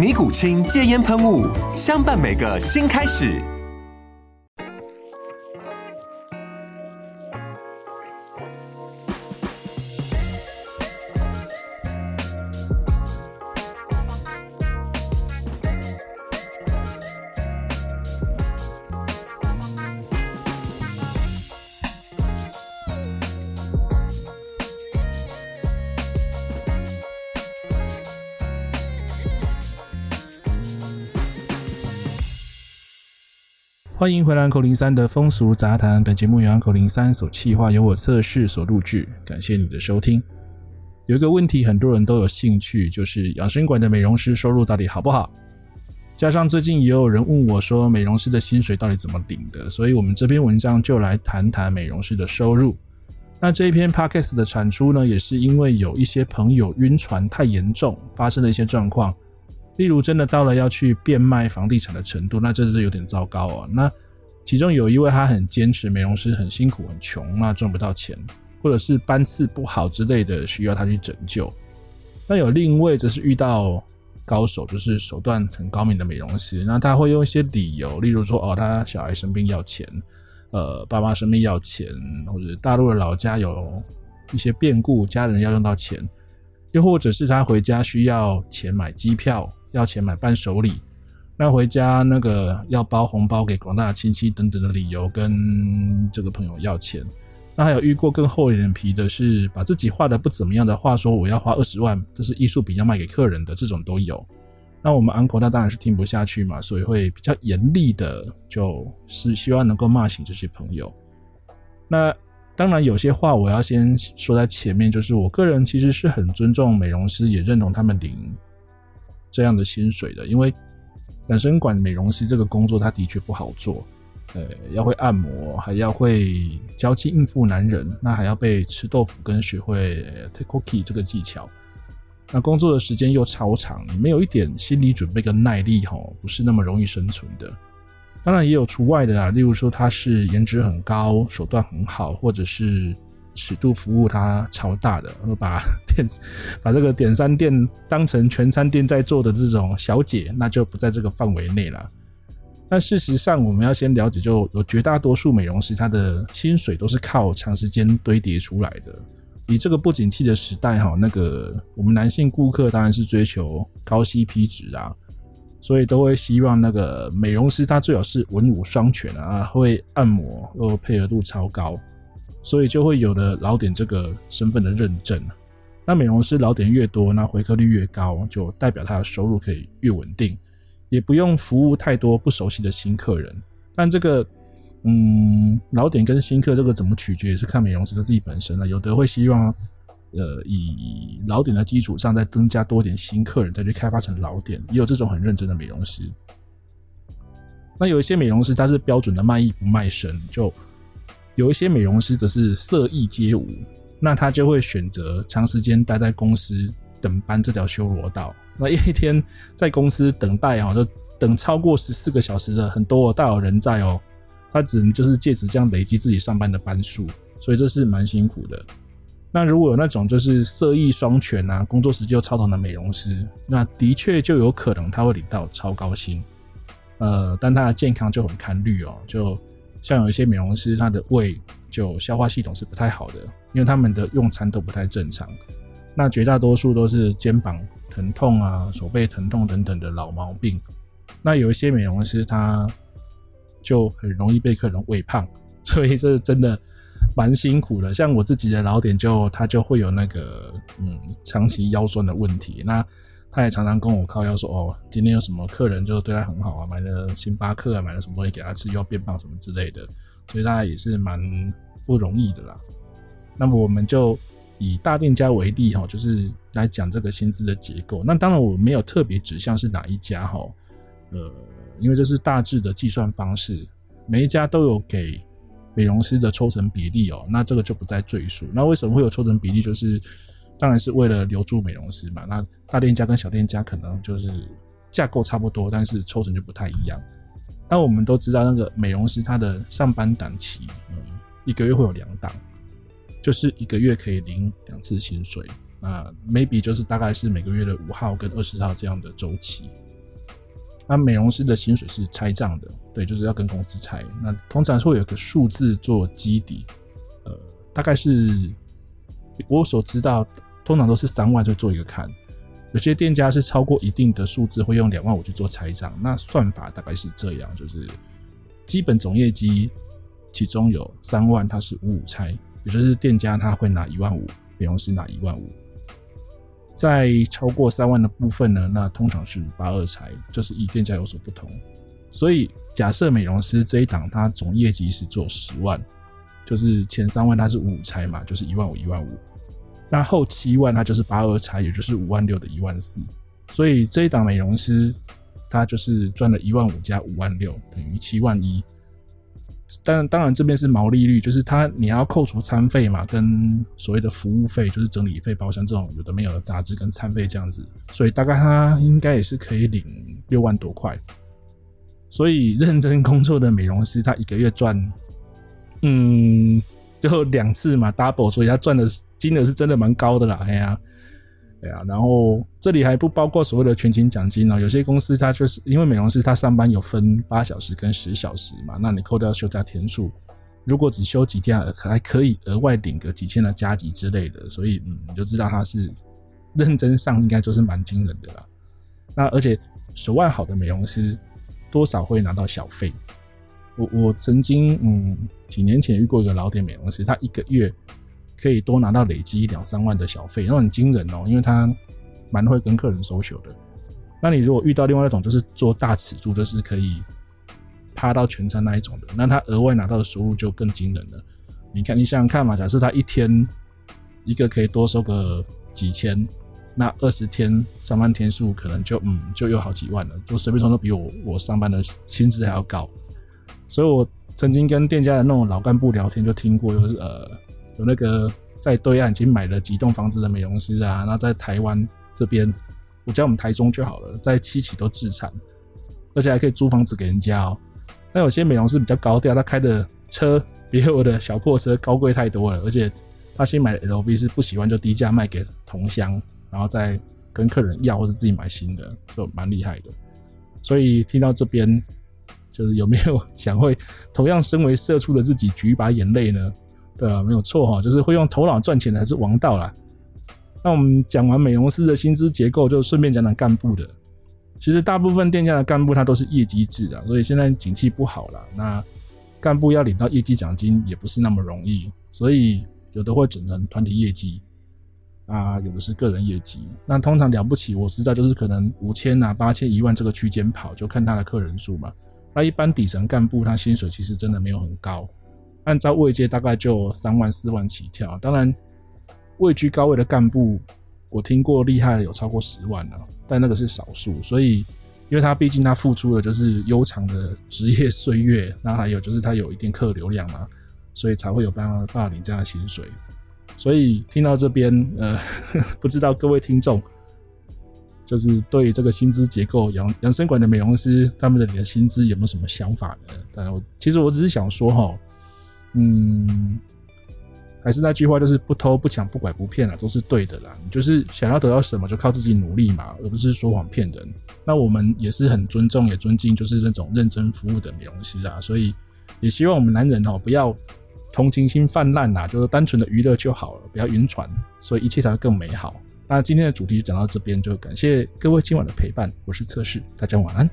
尼古清戒菸噴霧，相伴每個新開始。歡迎回來 Uncle03 的風俗雜談。本節目由 Uncle03 所企劃，由我策士所錄製。感謝你的收聽。有一個問題很多人都有興趣，就是養生館的美容師收入到底好不好？加上最近也有人問我說，美容師的薪水到底怎麼領的？所以，我們這篇文章就來談談美容師的收入。那這一篇 Podcast 的產出呢，也是因為有一些朋友暈船太嚴重，發生了一些狀況。例如，真的到了要去變賣房地產的程度，那真是有點糟糕哦。那其中有一位，他很堅持，美容師很辛苦，很窮，那賺不到錢，或者是班次不好之類的，需要他去拯救。那有另一位，則是遇到高手，就是手段很高明的美容師，那他會用一些理由，例如說，哦，他小孩生病要錢，呃，爸媽生病要錢，或者大陸的老家有一些變故，家人要用到錢，又或者是他回家需要錢買機票。要錢買伴手禮，那回家那個要包紅包給廣大親戚等等的理由，跟這個朋友要錢。那還有遇過更厚臉皮的是，把自己畫的不怎麼樣的畫，說我要花二十萬，這是藝術品要賣給客人的，這種都有。那我們 Uncle 他當然是聽不下去嘛，所以會比較嚴厲的，就是希望能夠罵醒這些朋友。那當然有些話我要先說在前面，就是我個人其實是很尊重美容師，也認同他們零，這樣的薪水的，因為養生館美容師這個工作，它的確不好做，呃，要會按摩，還要會交際應付男人，那還要被吃豆腐，跟學會 take cookie 這個技巧，那工作的時間又超長，沒有一點心理準備跟耐力，吼，不是那麼容易生存的。當然也有除外的啦，例如說他是顏值很高，手段很好，或者是。尺度服務它超大的，然把點把這個點餐店當成全餐店在做的這種小姐，那就不在這個範圍內了。但事實上，我們要先了解就，就有絕大多數美容師他的薪水都是靠長時間堆疊出來的。以這個不景氣的時代哈，那個我們男性顧客當然是追求高 CP 值啊，所以都會希望那個美容師他最好是文武雙全啊，會按摩呃，配合度超高。所以就會有了老點這個身份的認證，那美容師老點越多，那回客率越高，就代表他的收入可以越穩定，也不用服務太多不熟悉的新客人。但這個，嗯，老點跟新客這個怎麼取決，也是看美容師他自己本身了。有的會希望，呃，以老點的基礎上再增加多點新客人，再去開發成老點。也有這種很認真的美容師。那有一些美容師他是標準的賣藝不賣身，就。有一些美容師則是色藝皆無，那他就會選擇長時間待在公司等班這條修羅道。那一天在公司等待啊，就等超過十四個小時的很多大有人在哦。他只能就是借此這樣累積自己上班的班數，所以這是蠻辛苦的。那如果有那種就是色藝雙全啊，工作時間又超長的美容師，那的確就有可能他會領到超高薪，呃，但他的健康就很堪慮哦，就。像有一些美容師，他的胃就消化系統是不太好的，因為他們的用餐都不太正常。那絕大多數都是肩膀疼痛啊、手背疼痛等等的老毛病。那有一些美容師他就很容易被客人餵胖，所以這真的蠻辛苦的。像我自己的老點就，就他就會有那個嗯，長期腰酸的問題。那他也常常跟我靠腰說哦，今天有什麼客人就對他很好啊，買了星巴克啊，買了什麼東西給他吃，又要變胖什麼之類的，所以大家也是蠻不容易的啦。那麼我們就以大店家為例哈、哦，就是來講這個薪資的結構。那當然我沒有特別指向是哪一家哈、哦，呃，因為這是大致的計算方式，每一家都有給美容師的抽成比例哦，那這個就不再贅述。那為什麼會有抽成比例？就是當然是為了留住美容師嘛。那大店家跟小店家可能就是架構差不多，但是抽成就不太一樣。那我們都知道，那個美容師他的上班檔期，嗯，一個月會有兩檔，就是一個月可以領兩次薪水。啊，maybe 就是大概是每個月的五號跟二十號這樣的周期。那美容師的薪水是拆賬的，對，就是要跟公司拆。那通常會有個數字做基底，呃，大概是我所知道。通常都是三萬就做一個看，有些店家是超過一定的數字會用兩萬五去做拆賬。那算法大概是這樣，就是基本總業績其中有三萬，它是五五拆，也就是店家他會拿一萬五，美容師拿一萬五。在超過三萬的部分呢，那通常是八二拆，就是以店家有所不同。所以假設美容師這一檔他總業績是做十萬，就是前三萬他是五五拆嘛，就是一萬五一萬五。那後七萬，它就是八二拆，也就是五萬六的一萬四，所以這一檔美容師，他就是賺了一萬五加五萬六等於七萬一。但當然這邊是毛利率，就是他你要扣除餐費嘛，跟所謂的服務費，就是整理費、包廂這種有的沒有的雜誌跟餐費這樣子，所以大概他應該也是可以領六萬多塊。所以認真工作的美容師，他一個月賺，嗯，就兩次嘛 double，所以他賺的是。金額是真的蠻高的啦，哎呀，哎呀，然後這裡還不包括所謂的全勤獎金哦、喔，有些公司它就是因為美容師他上班有分八小時跟十小時嘛，那你扣掉休假天數，如果只休幾天，還可以額外領個幾千的加給之類的。所以，嗯，你就知道他是認真上，應該就是蠻驚人的啦。那而且手腕好的美容師多少會拿到小費。我我曾經嗯幾年前遇過一個老點美容師，他一個月。可以多拿到累積兩三萬的小費，然後很驚人哦，因為他蠻會跟客人索求的。那你如果遇到另外一種，就是做大尺度，就是可以趴到全餐那一種的，那他額外拿到的收入就更驚人了。你看，你想想看嘛，假設他一天一個可以多收個幾千，那二十天上班天數可能就嗯就有好幾萬了，就隨便說都比我我上班的薪資還要高。所以我曾經跟店家的那種老幹部聊天，就聽過就是呃。有那個在對岸已經買了幾棟房子的美容師啊，那在台灣這邊，我叫我們台中就好了，在七期都置產，而且還可以租房子給人家哦。那有些美容師比較高調，他開的車比我的小破車高貴太多了，而且他新買的 LV 是不喜歡就低價賣給同鄉，然後再跟客人要或者自己買新的，就蠻厲害的。所以聽到這邊，就是有沒有想會同樣身為社畜的自己掬一把眼淚呢？對啊，沒有錯哈、哦，就是會用頭腦賺錢的還是王道啦。那我們講完美容師的薪資結構，就順便講講幹部的。其實大部分店家的幹部他都是業績制啊，所以現在景氣不好了，那幹部要領到業績獎金也不是那麼容易，所以有的會整成團體業績啊，有的是個人業績。那通常了不起，我實在就是可能五千吶、啊、八千、一萬這個區間跑，就看他的客人數嘛。那一般底層幹部他薪水其實真的沒有很高。按照位階大概就三萬四萬起跳，當然位居高位的幹部，我聽過厲害的有超過十萬、啊、但那個是少數。所以，因為他畢竟他付出的就是悠長的職業歲月，那還有就是他有一定客流量嘛，所以才會有辦法領這樣的薪水。所以聽到這邊，呃， 不知道各位聽眾，就是對於這個薪資結構，養養生館的美容師他們的你的薪資有沒有什麼想法呢？當然，我其實我只是想說哈。嗯，還是那句話，就是不偷不搶不拐不騙啊，都是對的啦。就是想要得到什麼，就靠自己努力嘛，而不是說謊騙人。那我們也是很尊重，也尊敬，就是那種認真服務的美容師啊。所以也希望我們男人哦，不要同情心氾濫啦，就是單純的娛樂就好了，不要暈船，所以一切才會更美好。那今天的主題就講到這邊，就感謝各位今晚的陪伴，我是策士，大家晚安。